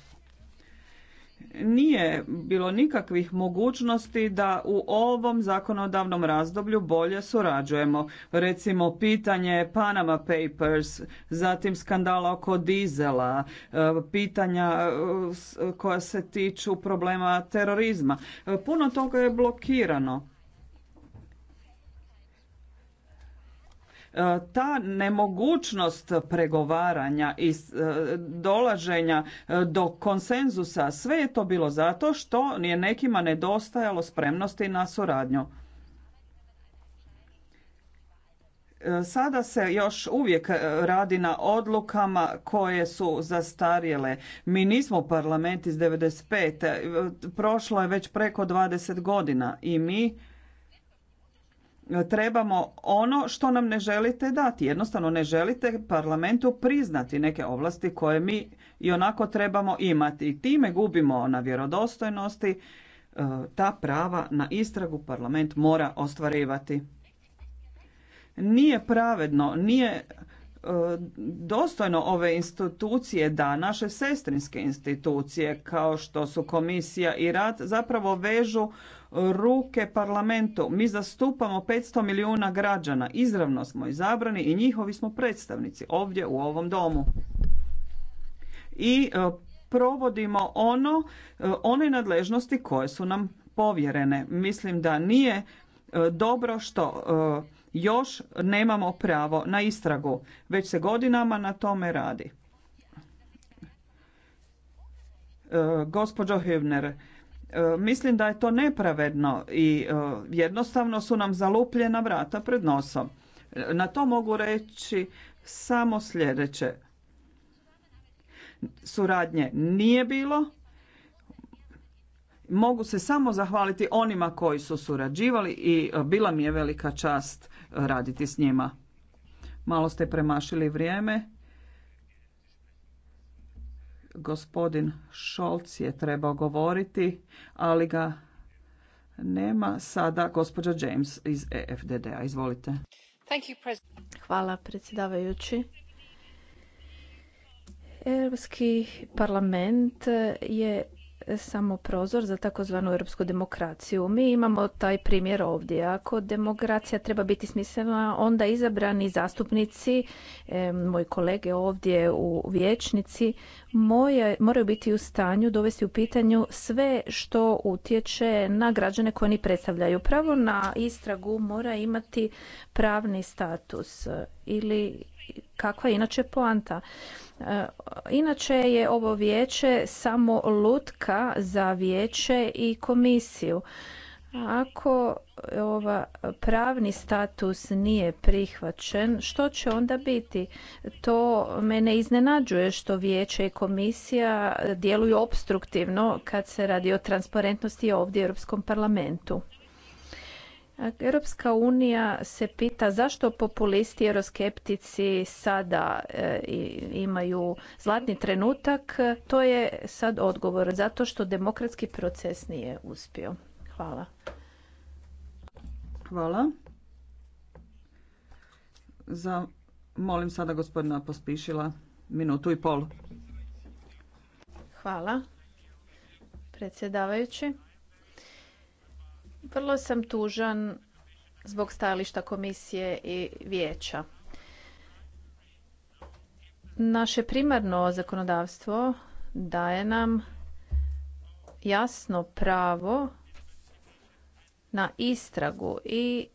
Nije bilo nikakvih mogućnosti da u ovom zakonodavnom razdoblju bolje surađujemo. Recimo pitanje Panama Papers, zatim skandala oko dizela, e, pitanja e, koja se tiču problema terorizma. E, puno toga je blokirano E, ta nemogućnost pregovaranja i e, dolaženja e, do konsenzusa, sve je to bilo zato što je nekima nedostajalo spremnosti na suradnju. Sada se još uvijek radi na odlukama koje su zastarjele. Mi nismo parlament iz 95. Prošlo je već preko 20 godina i mi trebamo ono što nam ne želite dati. Jednostavno ne želite parlamentu priznati neke ovlasti koje mi i onako trebamo imati. I time gubimo na vjerodostojnosti. E, ta prava na istragu parlament mora ostvarivati. Nije pravedno, nije e, dostojno ove institucije da naše sestrinske institucije kao što su komisija i rad zapravo vežu ruke parlamentu. Mi zastupamo 500 milijuna građana. Izravno smo izabrani i njihovi smo predstavnici ovdje u ovom domu. I e, provodimo ono, e, one nadležnosti koje su nam povjerene. Mislim da nije e, dobro što još nemamo pravo na istragu, već se godinama na tome radi. Gospođo Hübner, E, mislim da je to nepravedno i e, jednostavno su nam zalupljena vrata pred nosom. E, na to mogu reći samo sljedeće. Suradnje nije bilo. Mogu se samo zahvaliti onima koji su surađivali i bila mi je velika čast raditi s njima. Malo ste premašili vrijeme. Gospodin Šolc je trebao govoriti, ali ga nema. Sada gospođa James iz EFDD-a. Izvolite. Hvala predsjedavajući. Europski parlament je samo prozor za takozvanu europsku demokraciju. Mi imamo taj primjer ovdje. Ako demokracija treba biti smislena, onda izabrani zastupnici, e, moji kolege ovdje u vječnici, moraju biti u stanju dovesti u pitanju sve što utječe na građane koje oni predstavljaju. Pravo na istragu mora imati pravni status ili kakva je inače poanta. E, inače je ovo vijeće samo lutka za vijeće i komisiju. Ako ova pravni status nije prihvaćen, što će onda biti? To mene iznenađuje što vijeće i komisija djeluju obstruktivno kad se radi o transparentnosti ovdje u Europskom parlamentu. Europska unija se pita zašto populisti i euroskeptici sada e, imaju zlatni trenutak. To je sad odgovor zato što demokratski proces nije uspio. Hvala. Hvala. Za, molim sada gospodina Pospišila minutu i pol. Hvala. Predsjedavajući. Vrlo sam tužan zbog stajališta komisije i vijeća. Naše primarno zakonodavstvo daje nam jasno pravo na istragu i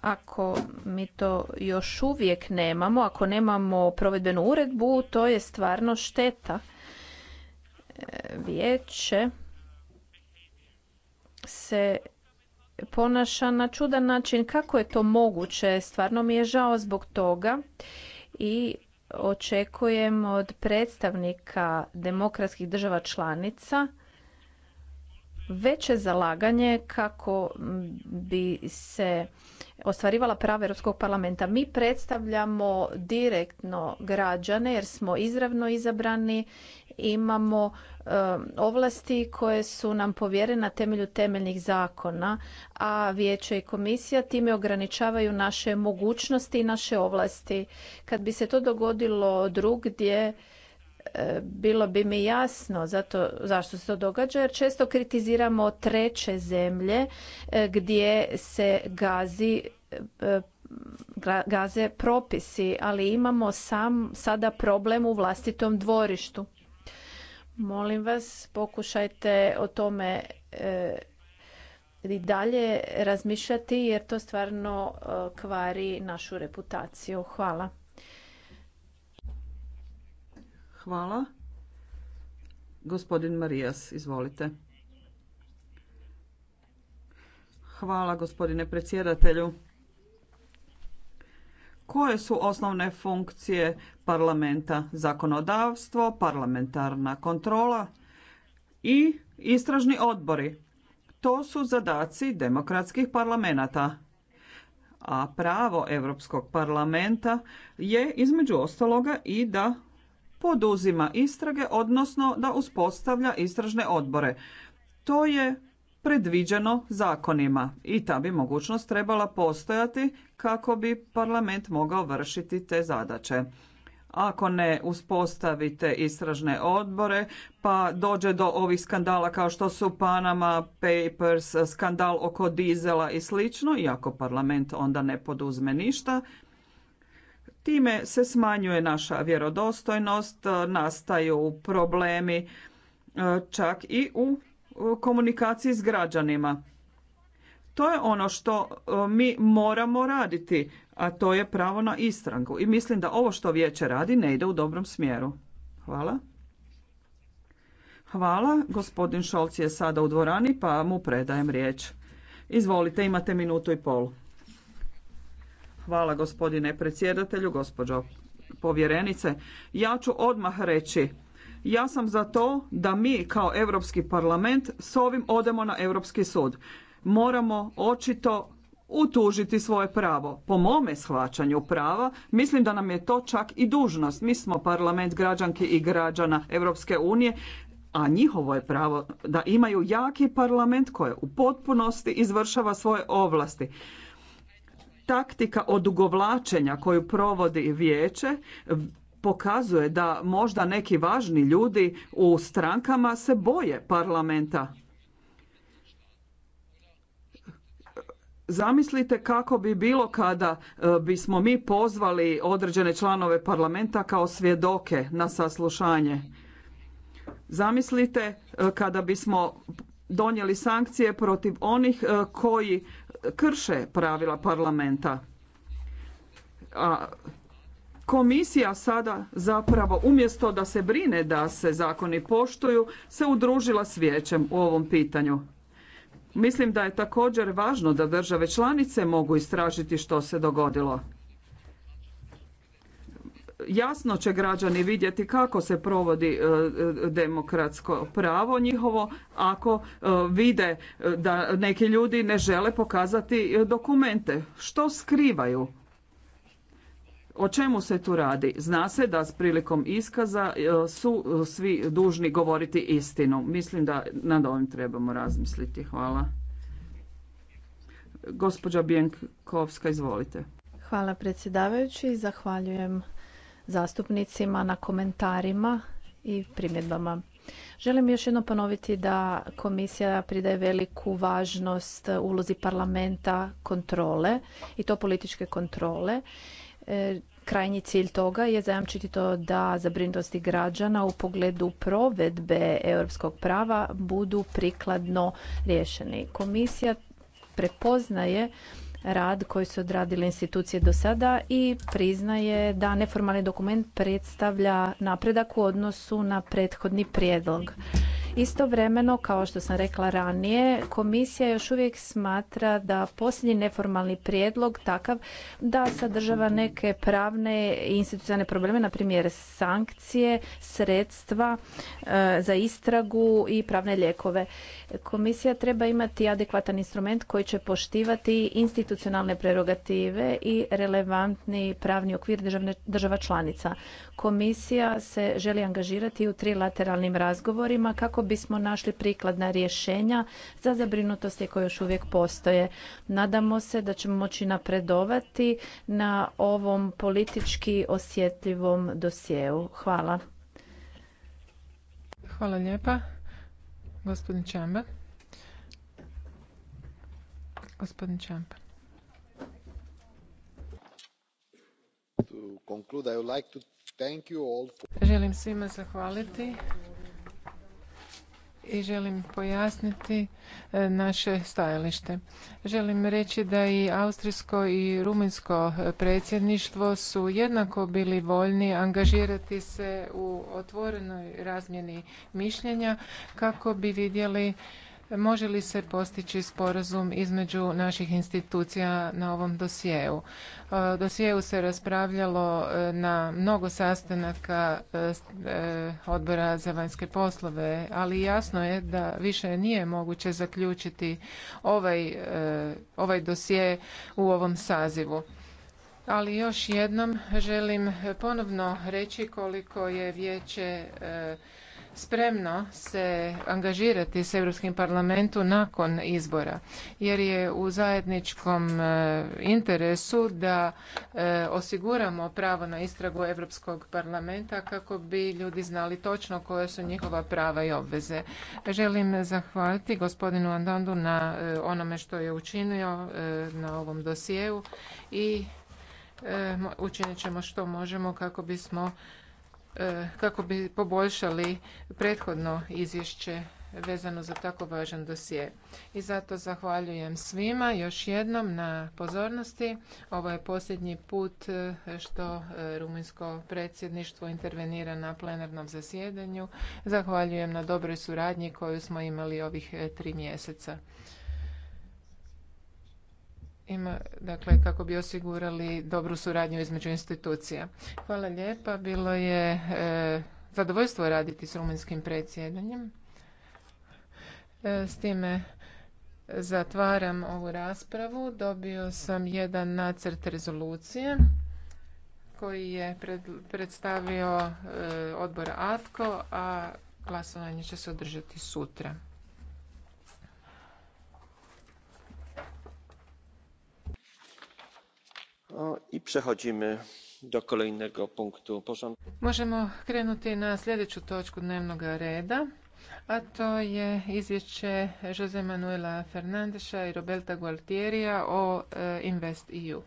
ako mi to još uvijek nemamo, ako nemamo provedbenu uredbu, to je stvarno šteta vijeće se ponaša na čudan način. Kako je to moguće? Stvarno mi je žao zbog toga i očekujem od predstavnika demokratskih država članica veće zalaganje kako bi se ostvarivala prava Europskog parlamenta. Mi predstavljamo direktno građane jer smo izravno izabrani imamo ovlasti koje su nam povjerene na temelju temeljnih zakona, a vijeće i komisija time ograničavaju naše mogućnosti i naše ovlasti. Kad bi se to dogodilo drugdje, eh, bilo bi mi jasno zato zašto se to događa jer često kritiziramo treće zemlje eh, gdje se gazi eh, gaze propisi, ali imamo sam sada problem u vlastitom dvorištu. Molim vas, pokušajte o tome eh, i dalje razmišljati jer to stvarno eh, kvari našu reputaciju. Hvala. Hvala. Gospodin Marijas, izvolite. Hvala gospodine predsjedatelju koje su osnovne funkcije parlamenta? Zakonodavstvo, parlamentarna kontrola i istražni odbori. To su zadaci demokratskih parlamenta. A pravo Europskog parlamenta je između ostaloga i da poduzima istrage, odnosno da uspostavlja istražne odbore. To je predviđeno zakonima i ta bi mogućnost trebala postojati kako bi parlament mogao vršiti te zadaće. Ako ne uspostavite istražne odbore, pa dođe do ovih skandala kao što su Panama Papers, skandal oko dizela i slično, i parlament onda ne poduzme ništa, time se smanjuje naša vjerodostojnost, nastaju problemi e, čak i u komunikaciji s građanima. To je ono što e, mi moramo raditi, a to je pravo na istrangu. I mislim da ovo što vijeće radi ne ide u dobrom smjeru. Hvala. Hvala. Gospodin Šolc je sada u dvorani, pa mu predajem riječ. Izvolite, imate minutu i pol. Hvala gospodine predsjedatelju, gospođo povjerenice. Ja ću odmah reći ja sam za to da mi kao Europski parlament s ovim odemo na Europski sud. Moramo očito utužiti svoje pravo. Po mome shvaćanju prava, mislim da nam je to čak i dužnost. Mi smo parlament građanki i građana Europske unije, a njihovo je pravo da imaju jaki parlament koji u potpunosti izvršava svoje ovlasti. Taktika odugovlačenja koju provodi vijeće pokazuje da možda neki važni ljudi u strankama se boje parlamenta. Zamislite kako bi bilo kada e, bismo mi pozvali određene članove parlamenta kao svjedoke na saslušanje. Zamislite e, kada bismo donijeli sankcije protiv onih e, koji krše pravila parlamenta. A Komisija sada zapravo umjesto da se brine da se zakoni poštuju, se udružila s vijećem u ovom pitanju. Mislim da je također važno da države članice mogu istražiti što se dogodilo. Jasno će građani vidjeti kako se provodi e, e, demokratsko pravo njihovo ako e, vide da neki ljudi ne žele pokazati dokumente. Što skrivaju? O čemu se tu radi? Zna se da s prilikom iskaza e, su e, svi dužni govoriti istinu. Mislim da nad ovim trebamo razmisliti. Hvala. Gospođa Bjenkovska, izvolite. Hvala predsjedavajući. Zahvaljujem zastupnicima na komentarima i primjedbama. Želim još jedno ponoviti da komisija pridaje veliku važnost ulozi parlamenta kontrole i to političke kontrole E, krajnji cilj toga je zajamčiti to da zabrinutosti građana u pogledu provedbe europskog prava budu prikladno rješeni. Komisija prepoznaje rad koji su odradile institucije do sada i priznaje da neformalni dokument predstavlja napredak u odnosu na prethodni prijedlog. Istovremeno, kao što sam rekla ranije, komisija još uvijek smatra da posljednji neformalni prijedlog takav da sadržava neke pravne i institucionalne probleme, na primjer sankcije, sredstva e, za istragu i pravne lijekove. Komisija treba imati adekvatan instrument koji će poštivati institucionalne prerogative i relevantni pravni okvir država članica. Komisija se želi angažirati u trilateralnim razgovorima kako bismo našli prikladna rješenja za zabrinutosti koje još uvijek postoje. Nadamo se da ćemo moći napredovati na ovom politički osjetljivom dosjeu. Hvala. Hvala lijepa. Gospodin Čember. Gospodin Čamba. Želim svima zahvaliti i želim pojasniti e, naše stajalište. Želim reći da i austrijsko i rumunjsko e, predsjedništvo su jednako bili voljni angažirati se u otvorenoj razmjeni mišljenja kako bi vidjeli Može li se postići sporazum između naših institucija na ovom dosjeu? E, dosjeu se raspravljalo e, na mnogo sastanaka e, odbora za vanjske poslove, ali jasno je da više nije moguće zaključiti ovaj, ovaj dosje u ovom sazivu. Ali još jednom želim ponovno reći koliko je vijeće spremno se angažirati s Europskim parlamentu nakon izbora jer je u zajedničkom e, interesu da e, osiguramo pravo na istragu Europskog parlamenta kako bi ljudi znali točno koje su njihova prava i obveze. Želim zahvaliti gospodinu Andandu na e, onome što je učinio na ovom dosjeu i učinit ćemo što možemo kako bismo E, kako bi poboljšali prethodno izvješće vezano za tako važan dosje. I zato zahvaljujem svima još jednom na pozornosti. Ovo je posljednji put e, što e, rumunjsko predsjedništvo intervenira na plenarnom zasjedanju. Zahvaljujem na dobroj suradnji koju smo imali ovih tri mjeseca ima, dakle, kako bi osigurali dobru suradnju između institucija. Hvala lijepa, bilo je e, zadovoljstvo raditi s rumunjskim predsjedanjem. E, s time zatvaram ovu raspravu. Dobio sam jedan nacrt rezolucije koji je predstavio e, odbor ATKO, a glasovanje će se održati sutra. Možemo krenuti na sljedeću točku dnevnog reda, a to je izvješće Jose Manuela Fernandesa i Roberta Gualtierija o e, Invest EU.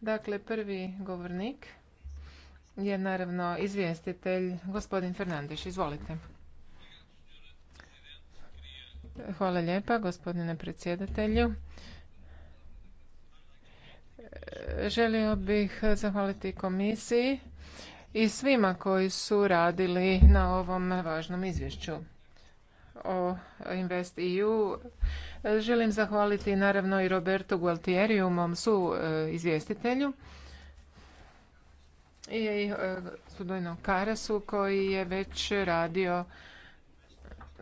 Dakle, prvi govornik je naravno izvjestitelj gospodin Fernandes. Izvolite. Hvala lijepa gospodine predsjedatelju želio bih zahvaliti komisiji i svima koji su radili na ovom važnom izvješću o InvestEU. Želim zahvaliti naravno i Roberto u mom su e, izvjestitelju i e, sudojno Karasu koji je već radio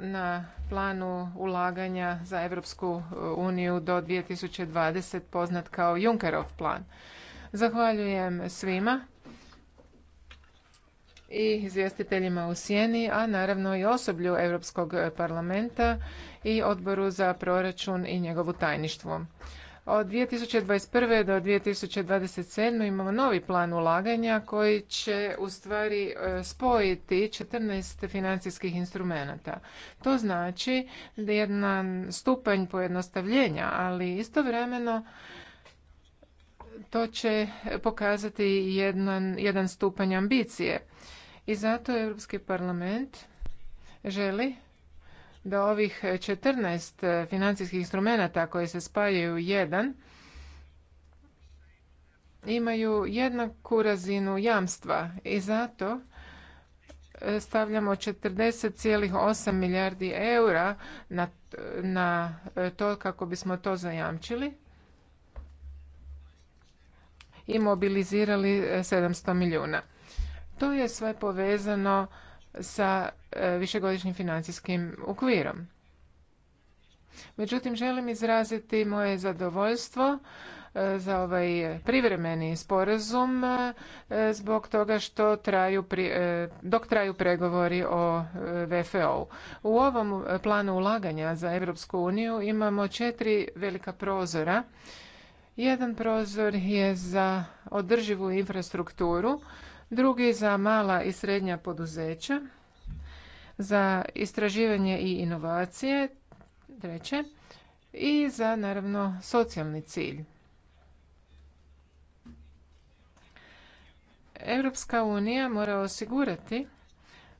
na planu ulaganja za Europsku uh, uniju do 2020 poznat kao Junckerov plan. Zahvaljujem svima i izvjestiteljima u sjeni, a naravno i osoblju Europskog parlamenta i odboru za proračun i njegovu tajništvu. Od 2021. do 2027. imamo novi plan ulaganja koji će u stvari e, spojiti 14 financijskih instrumenata. To znači jedan stupanj pojednostavljenja, ali istovremeno to će pokazati jedan, jedan stupanj ambicije. I zato Europski parlament želi da ovih 14 financijskih instrumenata koji se spajaju u jedan imaju jednaku razinu jamstva i zato e, stavljamo 40,8 milijardi eura na, na e, to kako bismo to zajamčili i mobilizirali 700 e, milijuna. To je sve povezano sa E, višegodišnjim financijskim okvirom. Međutim, želim izraziti moje zadovoljstvo e, za ovaj privremeni sporazum e, zbog toga što traju dok traju pregovori o VFO-u. U ovom planu ulaganja za Europsku uniju imamo četiri velika prozora. Jedan prozor je za održivu infrastrukturu, drugi za mala i srednja poduzeća, za istraživanje i inovacije, treće, i za naravno socijalni cilj. Europska unija mora osigurati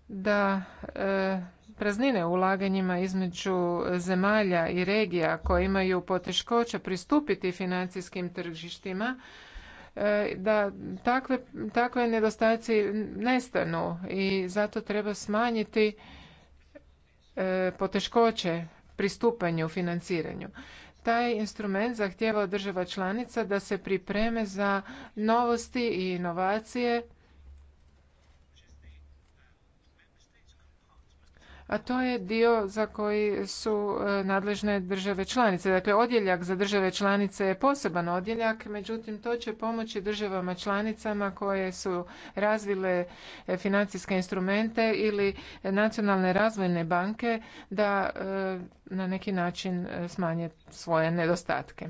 da e, praznine ulaganjima između zemalja i regija koje imaju poteškoća pristupiti financijskim tržištima E, da takve, takve nedostaci nestanu i zato treba smanjiti e, poteškoće pristupanju financiranju. Taj instrument zahtjeva od država članica da se pripreme za novosti i inovacije a to je dio za koji su e, nadležne države članice. Dakle, odjeljak za države članice je poseban odjeljak, međutim to će pomoći državama članicama koje su razvile e, financijske instrumente ili nacionalne razvojne banke da e, na neki način smanje svoje nedostatke.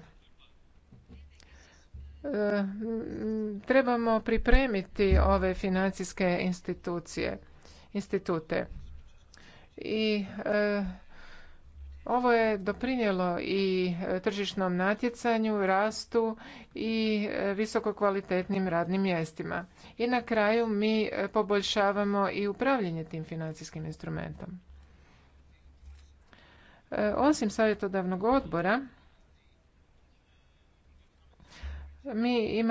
Trebamo pripremiti ove financijske institucije, institute i e, ovo je doprinijelo i e, tržišnom natjecanju, rastu i e, visoko kvalitetnim radnim mjestima. I na kraju mi poboljšavamo i upravljanje tim financijskim instrumentom. Osim savjetodavnog odbora, mi imamo